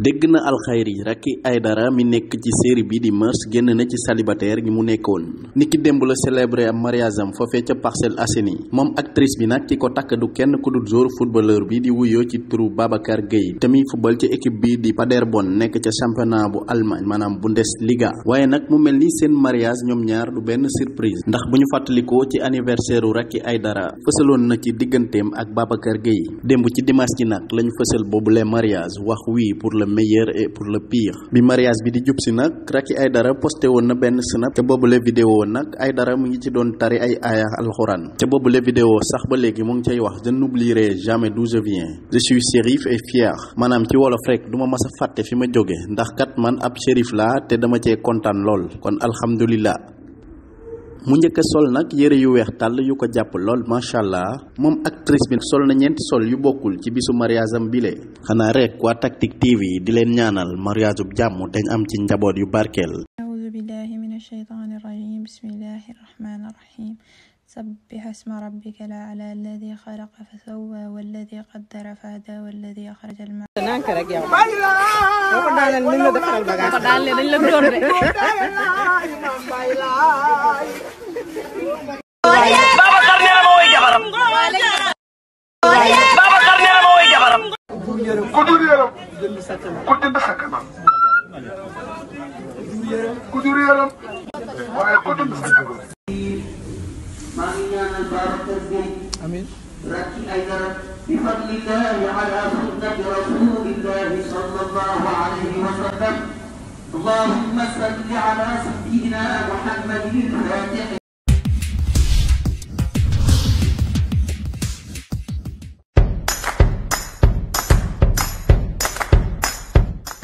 dégg na alxayri Racky Aïdara mi nekk ci série bi di Mœurs génn na ci célibataire gi mu nekkoon niki démb la célébré am mariage am foofee ca Parcelles Assainies moom actrice bi nag ki ko takk du kenn ku dul joueur footballeur bi di wuyoo ci turu Babacar Gueye te muy football ci équipe bi di Paderborn nekk ca championnat bu Allemagne maanaam Bundesliga waaye nag mu mel ni seen mariage ñoom ñaar du benn surprise ndax bu ñu fàttalikoo ci anniversaire u ay Aïdara fësaloon na ci digganteem ak Babacar Gueye démb ci dimanche gi nag lañu fësal meilleur et pour le pire bi mariage bi di jub si nag Racky Aïdara posté woon na benn snap ca boobule vidéo nag ay dara mu ngi ci doon tari ay aaya alxuraan ca boobule vidéo sax ba léegi mu ngi cay wax je n'oublierai jamais d'où je viens je suis shérif et fier maanaam ci wolof rek du ma mas a fàtte fi ma jóge ndax kat man ab shérif la te dama cee kontaan lool kon alhamdulillah mu njëkk a sol nag yëre yu weex tàll yu ko jàpp lool macha allah moom actrice bi sol na ñeenti sol yu bokkul ci bisu mariage bile. xanaa rek waa Tactic TV di leen ñaanal mariage jàmm dañ am ci njaboot yu barkeel. auzu billahi min ashaytaani rajim bismillahi rahmaani rahim sabbih ku jënd sa kanam ku jur yaram waaye ku jënd sa kanam. maa ngi ñaanal Babacar Gueye. amiin rakki ay garab. bi fadlillahi ala sunnati rasulillahi sallallahu alayhi wa sallam. allahumma salli ala sayyidina muhammadin al-fatihi